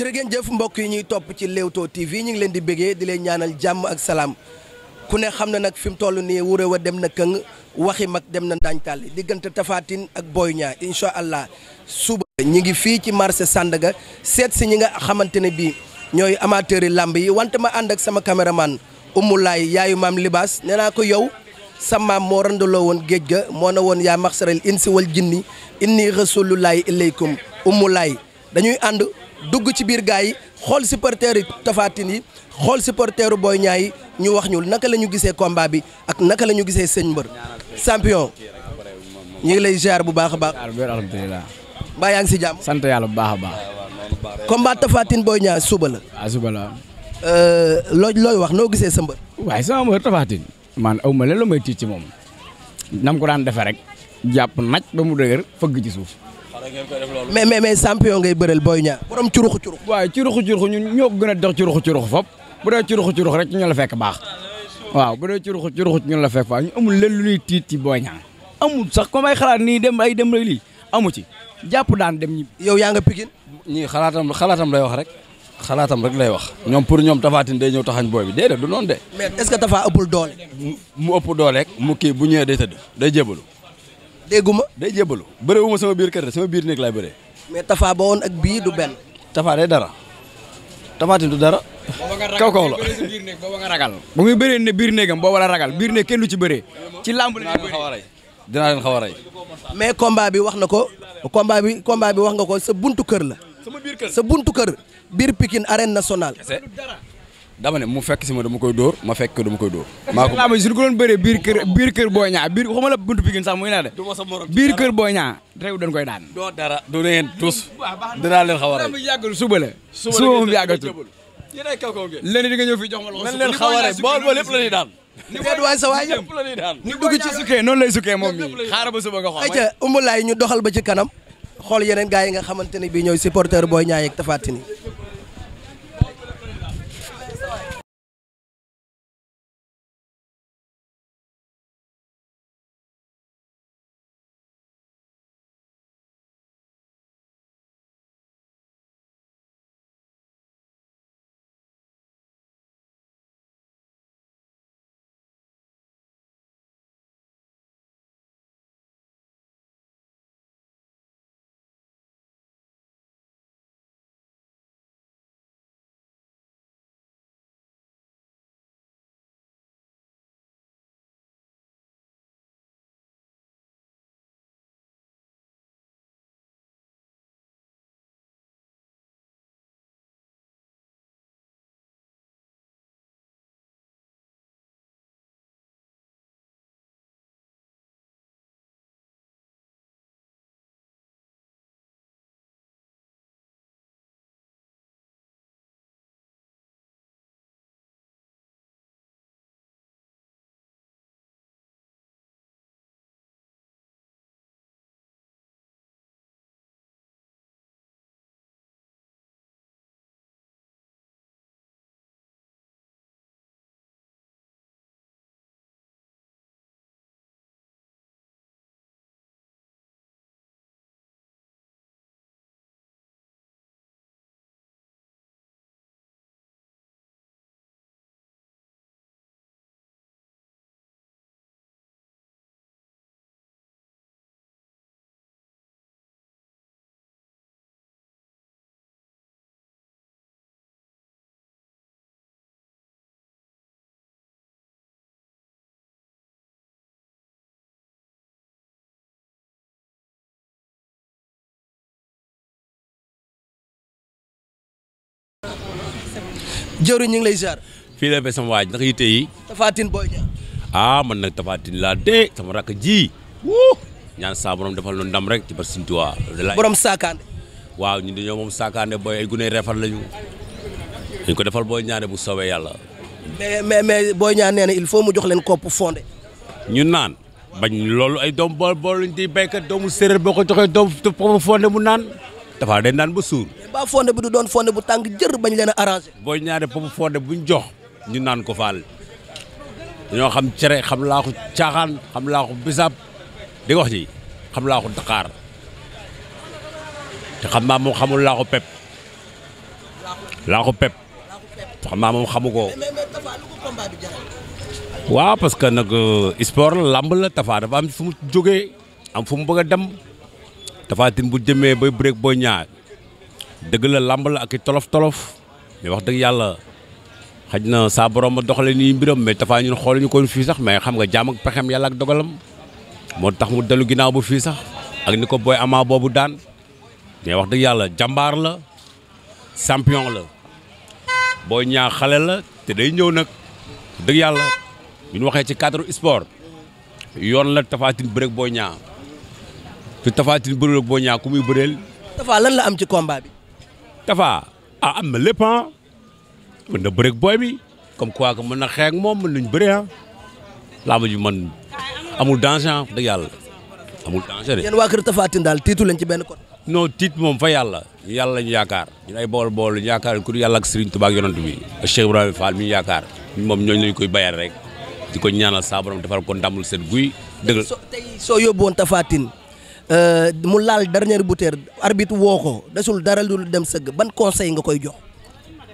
jërë ngeen jëf mbokk yi ñuy topp ci Leewtoo TV ñu ngi leen di bëggee di leen ñaanal jàmm ak salaam ku ne xam ne nag fi mu toll nii wuré wa dem na këng waxi mag dem na ndaañ tàlli diggante tafaatin ak Boy Niang incha allah suba ñi ngi fii ci marché Sandaga seet si ñi nga xamante ne bii ñooy amateurs yi làmb yi wante ma ànd ak sama caméraman Umulaay yaayu maam Libaas nee naa ko yow sa maam moo randaloo woon géej ga moo na woon yaa max insi in jinni inni rasulullahi ilaykum Umulaay dugg ci biir gars yi xool supporter yi Tapha yi xool supporteru Boy Niang yi ñu wax ñu naka la ñu gisee combat bi ak naka la ñu gisee sëñ mbër champion ñu ngi lay ziar bu baax a baax. alhamdulilah. mbaa yaa ngi si jàmm. sant bu baax a baax. combat Tapha booy ñaa Niang suba la. waaw ah, suba la. Euh, looy wax noo gisee sa mbër. waaye sama mbër Tapha man aw ma leen la may tiit ci moom. nam ko daan defee rek. jàpp naj ba mu dëgër fëgg ci suuf. mais mais mais champion ngay bëreel Boy Niang borom curuxu curux waaw curuxu curux ñun ñoo gën a dox curuxu curux fop bu dee curuxu curux rek ñu la fekk baax waaw bu dee curuxu curux ñu la fekk baax amul leen lu ñuy tiit ci Boy Niang amul sax comme xalaat nii dem ay dem rek lii amu ci jàpp daan dem yow yaa nga Pikine ñii xalaatam xalaatam lay wax rek xalaatam rek lay wax ñoom pour ñoom Tapha Tine day ñëw taxañ booy bi déedéet du noon de mais est-ce que Tapha ëppul doole mu ëpp doole rek mu kii bu ñëwee day tëdd day jébalu dégguma day jébalu bëree sama biir kër sama biir néeg laay bëree. mais tafaa ba woon ak bii du benn. Tafa day dara Tafatin du dara. kaw kaw la booba bu muy bëree ne biir néegam booba la ragal biir néeg kenn lu ci bëree. ci làmb la ñuy bëree dinaa leen xaw a mais combat bi wax na ko combat bi combat bi wax nga ko sa buntu kër la. sama biir kër sa buntu kër biir Pikine arène nationale. dama ne mu fekk si ma dama koy dóor ma fekk ko dama koy dóor. maa ko laa su ko doon bëree biir kër biir kër booy ñaa biir xuma du ma sa morom biir kër booy ñaa réew dañ koy doo dara du ne tous. dinaa leen a rey yàggul suba la. suba moom yàggatul. yéen ay kaw kaw ngeen. leneen di nga ñëw fi jox ma loxo. a rey bool sa waay yëpp la ñuy sukkee noonu lay sukkee moom mi xaaral ba suba nga xool. ayca umbalaay ñu doxal ba ci kanam xool yeneen gars yi nga xamante ne bii ñooy supporter booy ñaay ak Tapha jëwri ñu ngi lay ziar. fii la be sama waaj ndax yitte yi. Tafatine Boy Niang. ah man nag Tafatine laa sama rakk ji. wuu ñaan saa borom defal nu ndam rek ci ba Sëñ Tuubaa. borom saakaande. waaw ñun dañoo moom saakaande booy ay gune refal lañu. dañ ko defal Boy Niang bu soobee yàlla. mais mais mais Boy Niang nee na il faut mu jox leen kopp fondé. ñu naan bañ loolu ay doom bool bool lañ di béykat doomu séeréer boo ko joxee doom fondé mu naan. dafa day naan ba suur. ba fonde bi du doon fonde bu tàng jër bañ leen a arrangé. ñaare ñaaree popu bu buñ jox ñu naan ko faal dañoo xam cere xam laaxu caaxaan xam laaxu bisaab di wax ji xam laaxu daqaar te xam naa moom xamul laaxu pep laaxu pep xam naa moom xamu ko. waaw parce que nag euh, sport la làmb la Tapha dafa am fu mu am fu mu bëgg a dem. Tapha Tine bu demee bay bëreeg booy ñaar dëgg la làmb la ak i tolof tolof mais wax dëgg yàlla xaj na saa borom ma doxale nii mbiram mais Tapha ñun xooluñu ko fii sax mais xam nga jaam ak pexem yàlla ak dogalam moo tax mu dellu ginnaaw bu fii sax ak ni ko booy amaa boobu daan mais wax dëgg yàlla jàmbaar la sampiyon la Boy ñaar xale la te day ñëw nag dëgg yàlla ñu waxee ci cadre sport yoon la Tapha Tine bëreeg Boy Niang te Tapha Tine bëri na Boy Niang ku muy bëreel. Tapha lan la am ci combat bi. Tapha am na lépp ah mën na bëreeg booy bi comme quoi que mën na xeex ak moom mën nañu bëree ah làmb ji man amul danger ah dëgg yàlla amul danger de. yéen waa kër Tapha daal tiitu lañ ci benn côté. non tiit moom fa yàlla yàlla lañu yaakaar ñu ay bool bool lañu yaakaar ku yàlla ak Serigne Touba ak yonent bi ak Cheikh Ibrahima Fall mi ñu yaakaar moom ñooñu lañu koy bayal rek di ko ñaana saa borom defal ko ndamul seen guy. dëgg tey soo yóbbuwoon Tapha Tine Euh, mu laal dernière bouteille arbitre woo ko desul dara lu dem sëgg ban conseil nga koy jox.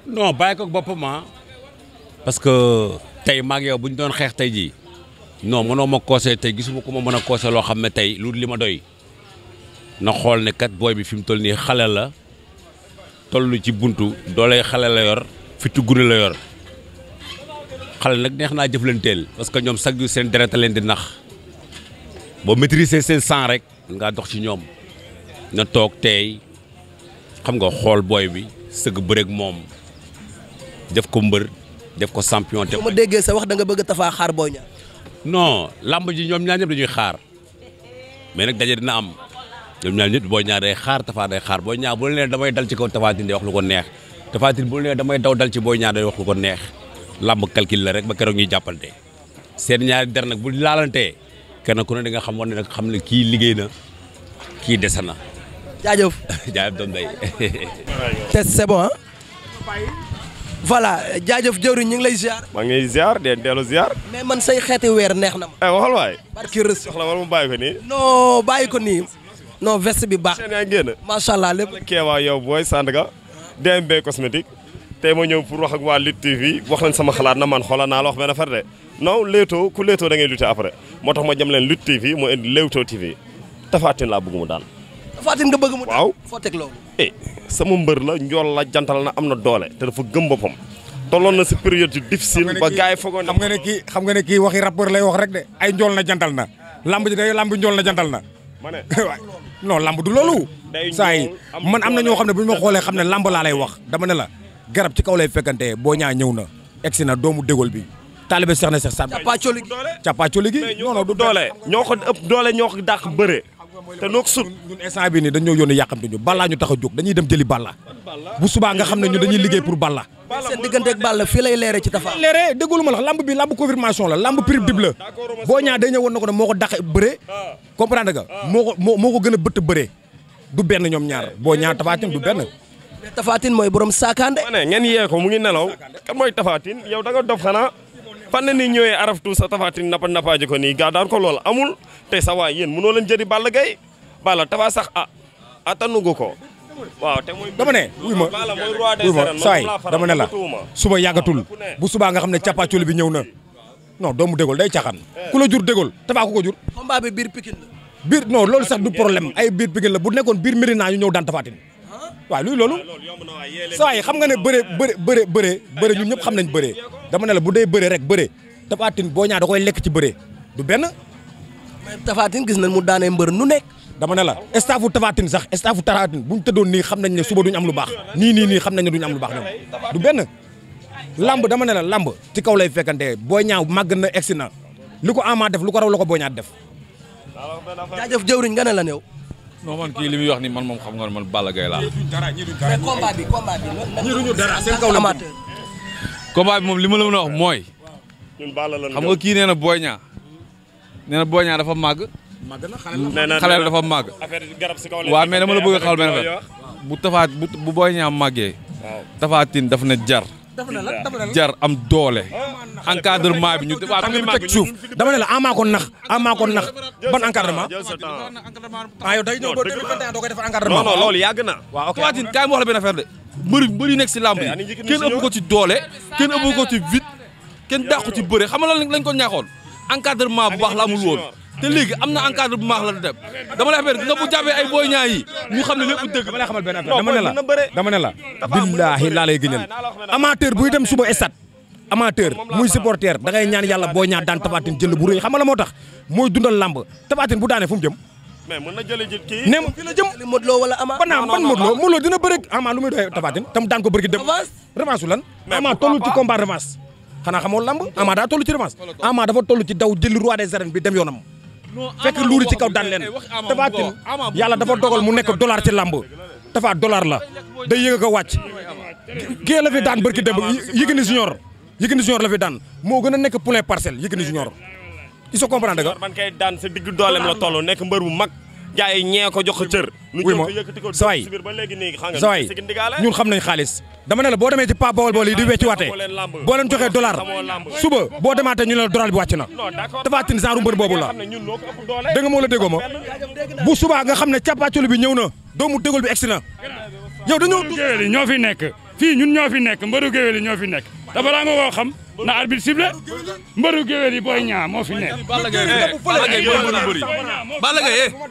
non bàyyi ko boppam ah. parce que tey maag yow bu ñu doon xeex tey jii non mënoo ma conseil tey gisuma ko ma mën a conseil loo xam ne tey lu li ma doy na xool ne kat booy bi fi mu toll nii xale la tollu ci buntu dooley xale la yor fitu gune la yor. xale nag neex naa jëflanteel parce que ñoom chaque jour seen deret leen di nax boo maîtriser seen sang rek mën ngaa dox ci ñoom nga toog tey xam nga xool booy bi sëgg bëreeg moom def ko mbër def ko champion. te ma déggee sa wax da nga bëgg a tafaa xaar booy ñaar. non làmb ji ñoom ñaar ñëpp dañuy xaar mais nag daje dina am ñoom ñaar ñëpp booy ñaar xaar tafaa day xaar booy ñaar bu leen damay dal ci ko Tapha Tine day wax lu ko neex Tapha Tine bu leen damay daw dal ci booy ñaar day wax lu ko neex làmb calcul la rek ba keroog ñuy jàppante seen ñaari der nag bu laalantee. kenn ku ne di nga xam woon ne nag xam ne kii liggéey na kii dese na. jaajëf jaajëf doom day. te c'est voilà jaajëf jëwriñ ñu ngi lay ziar. maa ngi lay ziar de dellu ziar. mais man say xeeti weer neex na ma. Eh, waxal waay. barki rës soxla wala mu bàyyi ko nii. non bàyyi bi baax. seen yaa génn. macha allah lépp. keewaa yow booy Sandaga. DMB cosmétique. tey ma ñëw pour wax ak waa Lutte TV wax nañ sama xalaat na man xoolal naa la wax benn affaire de. non Leewtoo ku Leewtoo da ngay lutter après moo tax ma jëm leen Lutte TV moo indi Leewtoo TV Tapha Tine laa bëgg mu daan. Tapha Tine nga bëgg mu daan waaw foo teg loolu. Eh, sama mbër la njool la jantal na am na doole te dafa gëm boppam. tolloon na si période yu difficile. ba gars yi foogoo xam nga ne kii xam nga ne kii waxi rappeur lay wax rek de. ay njool na jantal na. lamb ji day lamb njool na jantal na. ma ne non lamb du loolu. saa yi man am na ñoo xam ne bu ñu ma xoolee xam ne lamb laa lay wax dama ne la garab ci kaw lay fekkante boo ñaa ñëw na egsi na doomu dégol bi taalibe Cheikh na Cheikh Saad Bou cappaacoli gi cappaacoli gi non doole ñoo ko doole ñoo ko dàq bëre te noo sut ñun instant bi nii dañoo yónni yàqamte ñu balla ñu tax a jóg dañuy dem jëli balla bu subaa nga xam ne ñu dañuy liggéey pour balla seen diggante ak balla fii lay leere ci tafa leere déggulu ma la lamb bi lamb confirmation la lamb prix dib la boo ñaa day ñëw na ko ne moo ko dàq bëre ah. comprendre nga ah. moo ko moo ko gën a bëtt bëre du boo ñaa tafaatin du benn tafaatin mooy borom saakaande ma ne ngeen yee ko mu ngi da nga dof fan la ni ñëwee araftu sa tafaatin nappa nappaaji ko nii gaa daan ko lool amul te sa waay yéen mënoo la jëri Balla Gaye Balla tafa sax a ah attanugu ko waaw te mooy dama ne wuy ma wuy ma saay dama ne la suba yàggatul bu subaa nga xam ne cappaacul bi ñëw na non doomu dégol day caaxaan eh. ku la jur dégol tafaa ku ko jur bi biir Pikine loolu sax du problème ay biir Pikine la bu nekkoon biir Médina ñu ñëw daan tafaatin ah. waaw luy loolu ah, saa xam nga ne bëre bëre bëre bëre ñun ñëpp xam nañ bëre dama ne la bu dee bëre rek bëre Tapha boo Boy Niang koy lekk ci bëre du benn. mais Tapha Tine gis na mu daanee mbër nu nekk. dama ne la staffu Tapha Tine sax staffu Tapha Tine bu ñu tëddoon nii xam nañ ne suba duñ am lu baax nii nii nii xam nañ ne duñ am lu baax ñoom du benn. lamb dama ne la lamb ci kaw lay fekkante Boy Niang màgg na egsi na li ko Ama def lu ko raw la ko boo Niang def. jaajëf jëwriñ nga la néew. non man kii li muy wax ni man moom xam nga man Balla Gaye laa. mais combat bi combat bi. ñii duñu dara seen kaw la amateur combat bi moom li ma la mën a wax mooy. ñun Balla la xam nga kii nee na Boy Niang nee na Boy Niang dafa màgg. màgg na xale dafa màgg. affaire garab si kaw la waaw mais dama la bëgg a xamal benn affaire bu tafaat bu Boy Niang màggee. waaw tafaatin daf na jar. jar am doole. Ah, encadrement bi ñu waaw fi muy teg suuf dama ne la amaa ko nax amaa ko nax ban encadrement. ah yow day ñëw de. mbëri mbëri nekk si làmb yi kenn ëpp ko ci doole kenn ëpp ko ci vite kenn dàqu ci bëre xam nga lan lañ ko ñaaxoon encadrement bu baax la amul woon te léegi am na encadrement bu maax la def dama lay xamal nga bu jàppee xam ne lépp dëgg. dama lay xamal benn affaire dama ne la dama ne la. billaahi laa lay gëñal amateur buy dem suba stade amateur muy supporter da ngay ñaan yàlla booy ñaar daan Tapha Tine jël bu rëy xam nga la moo tax mooy dundal làmb Tapha Tine bu daanee fu mu jëm. mais mën na jëlee ji kii. ne ma fi la Ama. ban ban Modou Lo Modou Lo dina bëri Ama lu muy doy Tapha Tine tam daan ko bëri dem. revanche lan. Ama tollu ci combat revanche. xanaa xamoo lamb Ama daa toll ci revanche. Ama dafa toll ci daw jël roi des arènes bi dem yoonam. fekk luuri ci kaw daan leen. Eh, Tapha Tine yàlla dafa dogal mu nekk dollar ci lamb. Tapha dollar la day yëg ko wàcc. kii la fi daan barki dem Yékini Junior Yékini Junior la fi daan moo gën a nekk poulain parcelle Yékini Junior il faut comprendre que. mbër bu mag. gars ñee ko jox cër. wuy ma saway saway ñun xam nañ xaalis. dama ne boo demee ci pa bool bool yi di wecci waatee boo leen joxee dollar suba boo demaatee ñu ne la dollar bi wàcc na Tapha Tine genre mbër boobu la da moo la déggoo ma bu subaa nga xam ne cappaaculu bi ñëw na doomu dégol bi egsi na yow dañoo géwél yi ñoo fi nekk fii ñun ñoo fi nekk mbëru géwél yi ñoo fi nekk te nga koo xam na arbitre sifflé mbëru géwél yi Boy ñaa moo fi nekk. Balla Gaye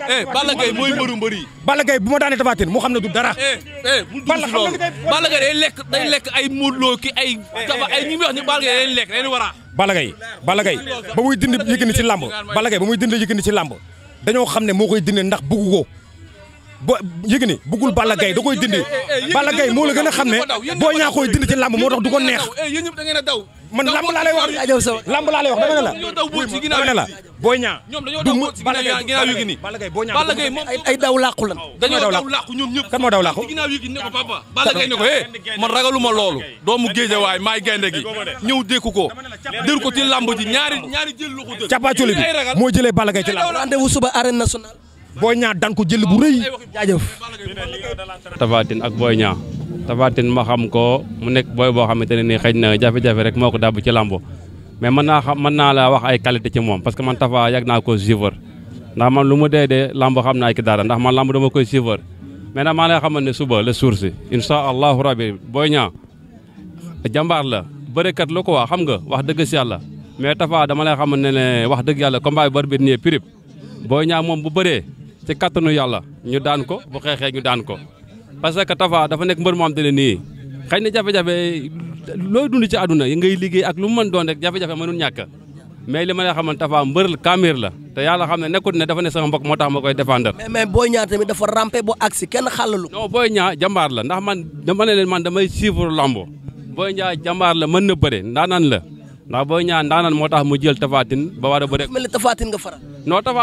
eh, Balla Gaye mooy mbëru mbëri Balla Gaye eh, eh Balla bu ma daanee Tapha mu xam ne du dara. Eh, Balla xam nga Balla Gaye day lekk day lekk ay Modou Lo ki ay Tapha ay ñi muy wax ni Balla Gaye day lekk day wara. Balla Gaye Balla Gaye ba muy dindi Yékini ci làmb Balla Gaye ba muy dindi Yékini ci làmb dañoo xam ne moo koy dindi ndax bugg ko. bo Yékini bëggul Balla Gaye da dindi eh, eh, Balla Gaye moo la gën a xam ne Boy Niang koy dindi ci làmb moo tax du ko neex eh, man làmb laa lay wax làmb laa lay wax dama ne la dama ne la Boy Niang daw làqu lan dañoo moo daw làqu Balla Gaye ne ko eh man ragaluma loolu doomu géeje waay maay gaynde gi ñëw dékku ko dér ko ci làmb ji ñaari ñaari jël loxo dël moo jëlee Balla Boy Niang daan ko jël bu rëy jaajëf. Tapha ak booy ñaa Tapha Tine ma xam ko mu nekk booy boo xamante ne nii xëy na jafe-jafe rek moo ko dàbb ci làmbo mais mën naa xam man naa la wax ay qualité ci moom parce que man Tapha yàgg naa ko suivre ndax man lu mu dee dee làmb xam naa ki dara ndax man làmb dama koy suivre mais nag maa lay xam ne suba la suur si incha allahu rabi Boy Niang jàmbaar la bërekat la ko waa xam nga wax dëgg si yàlla mais Tapha dama lay xamal ne ne wax dëgg yàlla combat bi bari bi nii pirip moom bu bëree ci kattanu yàlla ñu daan ko bu xeexee ñu daan ko parce que Tapha dafa nekk mbër moo am te ne nii xëy na jafe-jafe looy dund ci àdduna yi ngay liggéey ak lu mu mën doon rek jafe-jafe mënul ñàkk mais li ma la xamal Tapha mbër kaamir la te yàlla xam ne nekkut ne dafa ne sama mbok moo tax ma koy défendre. mais mais boo Niang tamit dafa rampé bu agsi kenn xàllalu. non Boy Niang jàmbaar la ndax man dama ne man damay suivre lambo Boy Niang jàmbaar la mën na bëre ndaanaan la ndax booy ñaan ndaanaan moo tax mu jël tafaatin ba war a bëre. mel ni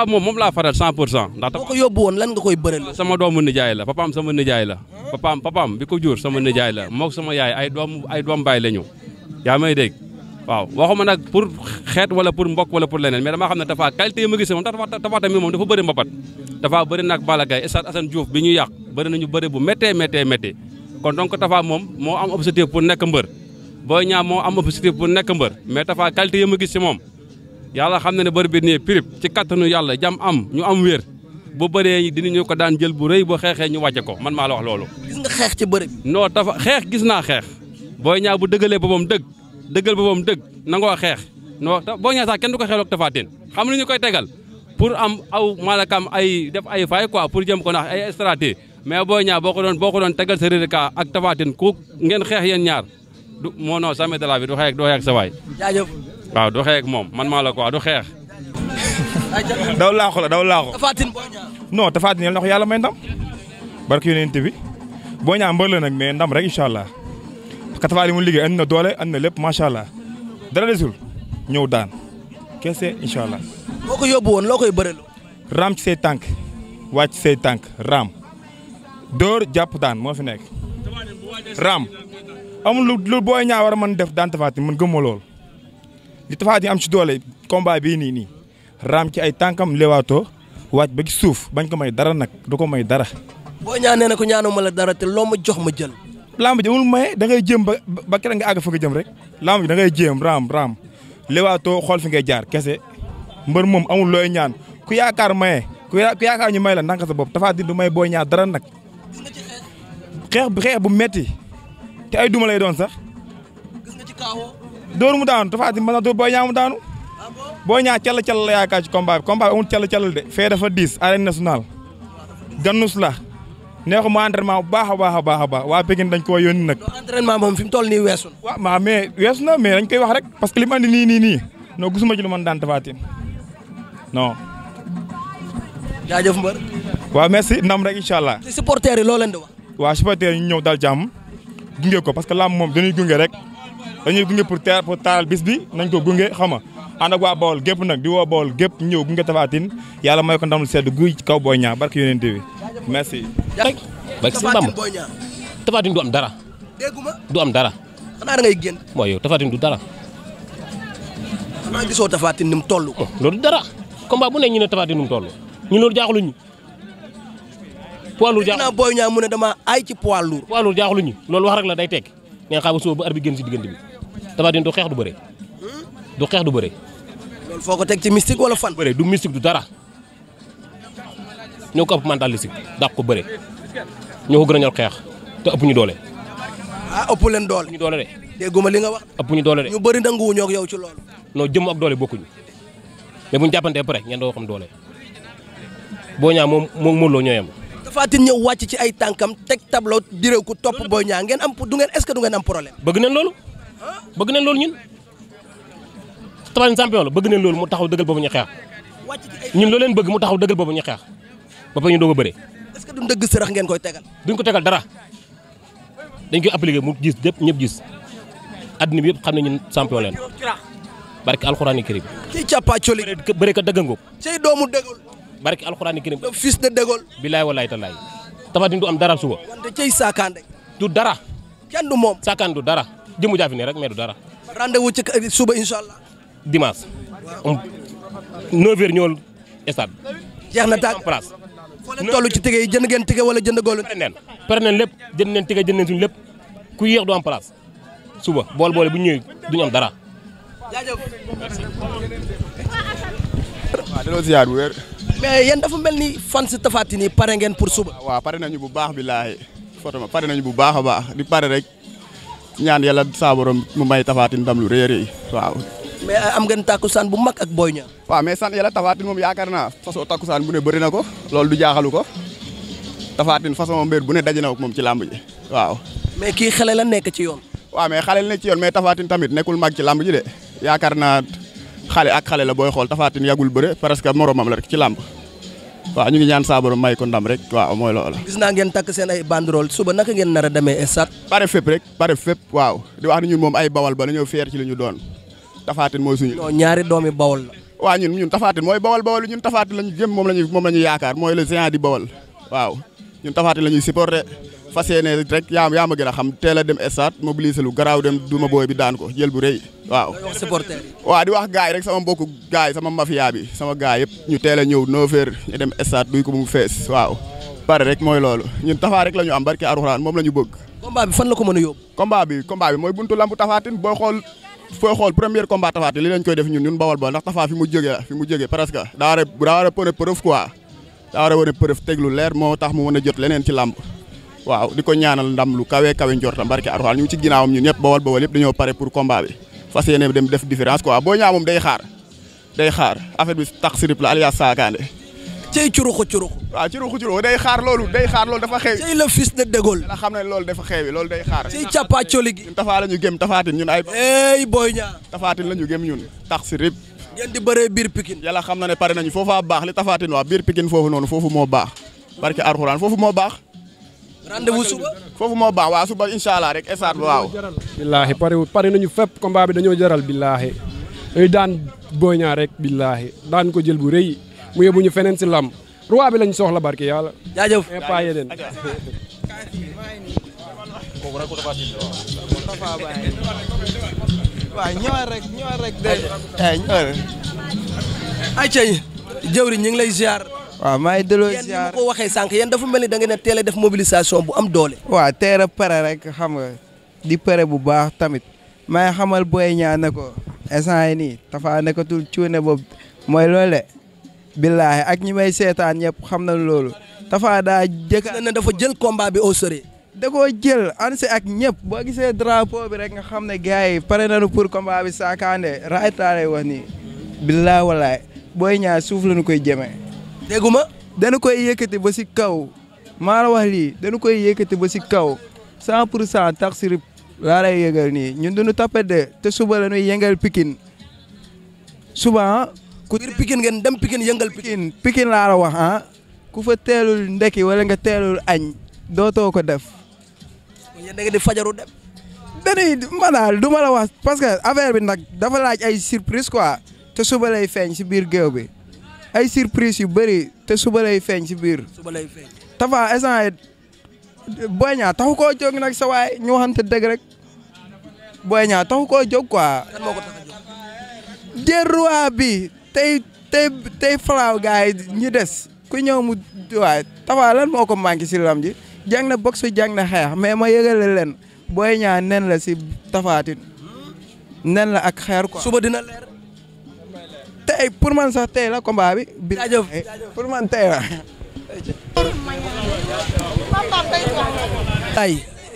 moom moom laa faral 100 pour cent. ndax boo ko yóbbu woon lan nga koy bëreel. sama doomu nijaay la papaam sama nijaay la papaam bi ko jur sama nijaay la mook sama yaay ay doom ay doom baay la ñu yaa may dégg waaw waxuma nag pour xeet wala pour mbokk wala pour leneen mais damaa xam ne tafa qualité yi ma gis moom tafa tamit moom dafa bëri mbapat tafa bëri nag Balla Gaye Stade Assane Diouf bi ñu yàq bëri nañu bëri bu méttee méttee méttee kon donc tafa moom moo am objectif pour nekk mbër Boy Niang moo am objectif bu nekk mbër mais Tapha qualité yi ma gis ci moom yàlla xam na ne bër bi nii prib ci kattanu yàlla jam am ñu am wér bu bëree dina dinañu ko daan jël bu rëy bu xeexee ñu wàcce ko man maa la wax loolu. gis nga xeex ci bër bi. non Tapha xeex gis naa xeex Boy ñaa bu dëggalee boppam dëgg dëggal boppam dëgg nangoo xeex non Boy Niang sax kenn du ko xeexloog Tapha Tine xam lu ñu koy tegal pour am aw malakam ay def ay fay quoi pour jëm ko ndax ay mais Boy Niang boo ko doon boo ko doon tegal sa réer ak Tapha Tine ku ngeen xeex yéen ñaar du moo non jamais waaw du xeex moom man maa la ko du xeex. daw laaxu la daw laaxu. Tafatin boo yal na ko yàlla may ndam. barki yonent bi boo ñaax mbër la mais ndam rek incha allah katafal yi mu liggéey andi na doole andi na lépp macha allah dara desul ñëw daan kese incha allah. boo koy bëreloo. raam tànk wàcc say tànk raam dóor jàpp daan moo fi nekk raam. amul lu lu Boy Niang war a mën def daan Tapha Tine man gëmuma lool li Tapha Tine am ci doole combat bii nii nii raam ci ay tànkam lewaatoo waaj ba ci suuf bañ ko may dara nag du ko may dara. Boy Niang nee ku ko ñaanuma la dara te loo ma jox ma jël. lamb ji amul maye da ngay ba ba keneen nga àgg jëm rek lamb ji da ngay jéem raam raam lewaatoo xool fi ngay jaar kese mbër moom amul looy ñaan ku yaakaar maye ku yaakaar ñu may la ndànk sa bopp Tapha Tine du may Boy Niang dara nag. xeex bu bu metti te ay duma lay doon sax. gis mu daanu Tapha Tine mën na dóor Boy Niang mu daanu. Ah Boy Niang call call la yaakaar ci combat bi combat bi amul call call de. fee dafa diis arène nationale. gannus la neexuma entraînement bu baax a baax a baax baax waa Pikine dañ koo yónni nag. entraînement moom fi mu toll nii weesu. waaw maa mais weesu na mais dañ koy wax rek. parce que li mu nii nii nii non gisuma ci lu man daan Tapha Tine non. jaajëf mbër. waaw merci ndam rek incha allah. ci supporters yi loo leen di wax. waa supporters yi ñu ñëw dal jàmm. gunge ko parce que làmb moom dañuy gunge rek dañuy gunge pour taaral bis bi nañ ko gunge xam nga ànd waa Bawol gépp nag di woo Bawol gépp ñëw gunge Tapha Tine yàlla may ko ndam lu sedd guy ci kaw Boy Niang barke yonent bi merci. rek barke Sëñ Bamba Tapha du am dara. dégguma du am dara. xanaa da ngay génn. mooy yow du dara. xanaa gisoo Tapha Tine ni mu toll. Oh, loolu dara combat bu ne ñu ne Tapha Tine loolu mu toll ñu poids lourd jaaxul booy ñaa mu ne dama aay ci poids lourd poids ñu loolu wax rek la day teg ngeen xaaba suba ba ar bi génn si diggante bi Tapha Tine du xeex du bare hmm? du xeex du bëre loolu foo ko teg ci mystique wala fan bëre du mystique du dara ñoo ko ëpp mentalistique dàq ko bëre ñoo ko gën xeex te ëpp doole ah leen doole ñu doole de dégguma li nga wax ëpp ñu doole de ñu bëri nanguwu yow ci loolu non jëm ak doole bokkuñu mais bu ñu pare ngeen doo doole boo ñaa moom moom mënuloo ñooyam Tapha Tine ñëw wàcc ci ay tànkam teg tableau diréw ko topp Boy Niang ngeen am du ngeen est-ce que du ngeen am problème. bëgg neen loolu bëgg neen loolu ñun Tapha Tine champion la bëgg neen loolu mu taxaw dëggal boobu ñu xeex ñun loo leen bëgg mu taxaw dëggal boobu ñu xeex ba ñu doog a bëree. est que du ndëgg sërëx ngeen koy tegal. duñ ko tegal dara dañ koy appliquer mu gis lépp ñëpp gis adduna bi yëpp xam ne ñun champion leen barke alxuraan yi kër yi. ci cappaacoli. bëree ka dëgg ngóob. cay barki alxuraan yi kërim. fils de De Gaulle. bilaay walaay talaay. Tapha Tine du am dara suba. wante cey du dara. kenn du moom. Sakandé dara jëmu jaafi ne rek mee du dara. rendez-vous ci suba incha allah. dimanche. Um, waaw 9 jeex na tàgg place. foo leen toll ci tige jënd ngeen tige wala jënd góolu. pare neen pare lépp jënd neen tige jënd neen suñu lépp ku yéex du am place suba bool boole bu ñu ñëwee du ñu am dara. waaw delloo ziar bu wér. mais yéen dafa mel ni fan si Tapha Tine nii pare ngeen pour suba. waa pare na ñu bu baax billaahi foto ma pare nañu bu baax a baax di pare rek ñaan yàlla saa borom mu may Tapha Tine lu rëy a rëy waaw. mais am ngeen takkusaan bu mag ak Boy Niang. waaw mais sant yàlla Tapha moom yaakaar naa façon takkusaan bu ne bëri na ko loolu du jaaxalu ko Tapha Tine façon mbir bu ne daje na moom ci làmb ji waaw. mais kii xale la nekk ci yoon. waaw mais xale la ci yoon mais Tapha tamit nekkul mag ci làmb ji de yaakaar naa. xale ak xale la booy xool tafaatin yàggul bëre parce que moromam la rek ci làmb waaw ñu ñaan saa borom may ko ndam rek waaw mooy loolu. gis a di wax ne ñun moom ay bawal ba la ñëw fier ci li ñu doon tafaatin mooy suñu. non ñaari doomi bawal la. ñun ñun tafaatin mooy bawal bawal ñun tafaatin lañu jëm moom lañu yaakaar mooy le géant di bawal waaw ñun tafaatin la ñuy fas yéene rek yaa yaa ma gën a xam teel a dem stade mobiliser lu dem duma booy daan ko jël bu rëy waaw. waaw di wax gars yi rek sama mbokku gars yi sama mafia sama gars yëpp ñu teel a ñëw 9h ñu dem stade duy ko mu fees waaw. pare rek mooy loolu ñun Tapha rek la ñu am barke Alxuraan moom la ñu bëgg. combat bi fan la ko mën a yóbbu. combat bi combat bi mooy buntu lambu Tapha Tine booy xool. fooy xool premier combat Tapha Tine li lañ koy def ñun ñun bawal ba mu jógee mu jógee presque daa war a teg lu leer moo tax mu mën a jot leneen ci làmb waaw di ko ñaanal ndam lu kawe kawe njortam barke Alxuraan ñu ngi ci ginnaawam ñun ñëpp bawal bawal yëpp dañoo pare pour combat bi fas dem def différence quoi boo ñaa moom day xaar day xaar affaire bi tax sirip la alias saakaande cey curuxu curuxu waaw curuxu xaar loolu day xaar loolu dafa xeewi cey le la xam ne loolu dafa xeewi loolu day xaar cey càppaa coli gi ñun tafaa la ñu gëm tafaatin ñun ay ey booy ñaa tafaatin la ñu gëm ñun tax sirip ngeen biir Pikine yàlla xam na ne pare nañu foofa baax li tafaatin waa biir Pikine foofu noonu foofu moo baax barke Alxuraan moo baax rendez-vous suba foofu moo baax waaw suba incha allah rek esaat waaw. billaahi pare pare nañu fépp combat bi dañoo jaral billaahi dañuy daan Boy Niang billaahi daan ko jël bu rëy mu yóbbu feneen si lamb roi bi lañ soxla barke yàlla. jaajëf impayé leen. waaw ñëwaat de. ay jëwri ñu ngi lay ziar. waa maa ngi delloo ziar waxee sànq yéen dafa mel ni da ne a teel a def mobilisation bu am doole. waa teere a pare rek xam nga di pare bu baax tamit may xamal booy ñaa ne ko instant yii nii dafa nekkatul cuune boobu mooy loole billaahi ak ñi may seetaan ñëpp xam nañ loolu dafa daa jëkk na dafa jël combat bi au sérieux da koo jël ansi ak ñëpp boo gisee drapo bi rek nga xam ne gars yi pare nañu pour combat bi saakaande raay taa lay wax nii billaahi walaay booy ñaa suuf la ñu koy jëmee. dégguma dana koy yëkkati ba si kaw maa la lii dana koy yëkkati ba si kaw cent pour cent tax sirib laa lay yëgal nii ñun duñu tapé de te suba la ñuy yëngal Pikine suba ah, ku biir Pikine ngeen dem Pikine yëngal Pikine Pikine laar wax ah ku fa teelul ndekki wala nga teelul añ dootoo ko def yéen da nga fajaru dem dañuy du ma la wax parce que affaire bi nag dafa laaj ay surprise quoi te suba lay feeñ si biir géew bi ay surprise yu bëri te suba lay feeñ si biir. suba lay feeñ Tapha instant Boy Niang koo jóg nag sa waay ñu waxante dëgg rek Boy Niang taxu koo jóg quoi. ko tax a jóg. jël bi te tey tey falaaw gars yi ñi des ku ñëw mu waay Tapha lan moo ko manqué si lam ji jàng na boxe jàng na xeex mais ma yëgale leen Boy Niang nen la si Tapha Tine nen la ak xeer quoi. suba te ay man sax tey la bi. bi eh, man tey la.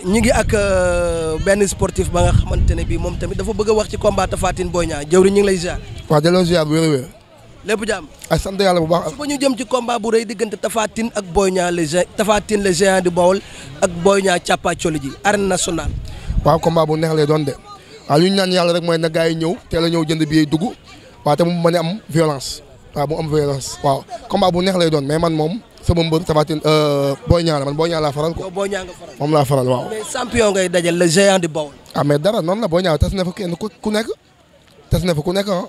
ngi ak euh, benn sportif ba nga xamante ne bii moom tamit dafa bëgg wax ci combat Tapha booy ñaa Niang jëwri ñu ngi lay ziar. waaw delloo bu wér-wér. lépp jàmm. ay sant yàlla bu baax. su ñu jëm ci combat bu rëy diggante tafaatin Tine ak Boy Niang le géant Tapha Tine ak Boy ñaa càppaacoli ji arène nationale. waaw bu neex lay doon de waaw li ñu naan yàlla rek mooy na gaa yi ñëw teel a ñëw jënd bi dugg. waaw te mu mën a am violence waaw mu am violence waaw combat bu neex lay doon mais man moom sama mbër Tapha Tine euh, Boy Niang man Boy Niang laa faral ko Boy Niang moom laa faral waaw. mais champion ngay dajal le ah, dara noonu la Boy Niang tas na fa kenn ku nekk tas na fa ku nekk ah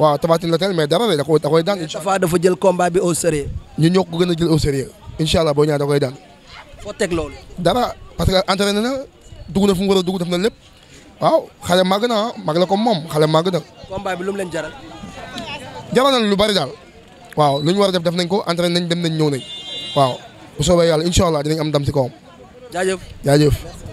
waaw Tapha Tine la tel mais dara de da koy da koy daan. Tapha dafa jël combat bi au sérieux. ñun ñoo a jël au sérieux incha allah Boy Niang da daan. dara parce que entraîné na dugg na fu mu war a dugg def na lépp waaw xale màgg naa ah màgg la comme moom xale màgg na. combat bi lu mu jaral. jamono lu bari daal waaw lu ñu war a def def nañ ko entraîné nañ dem nañ ñëw nañ waaw bu soobee yàlla incha allah dinañ am ndam ci kawam. jaajëf jaajëf.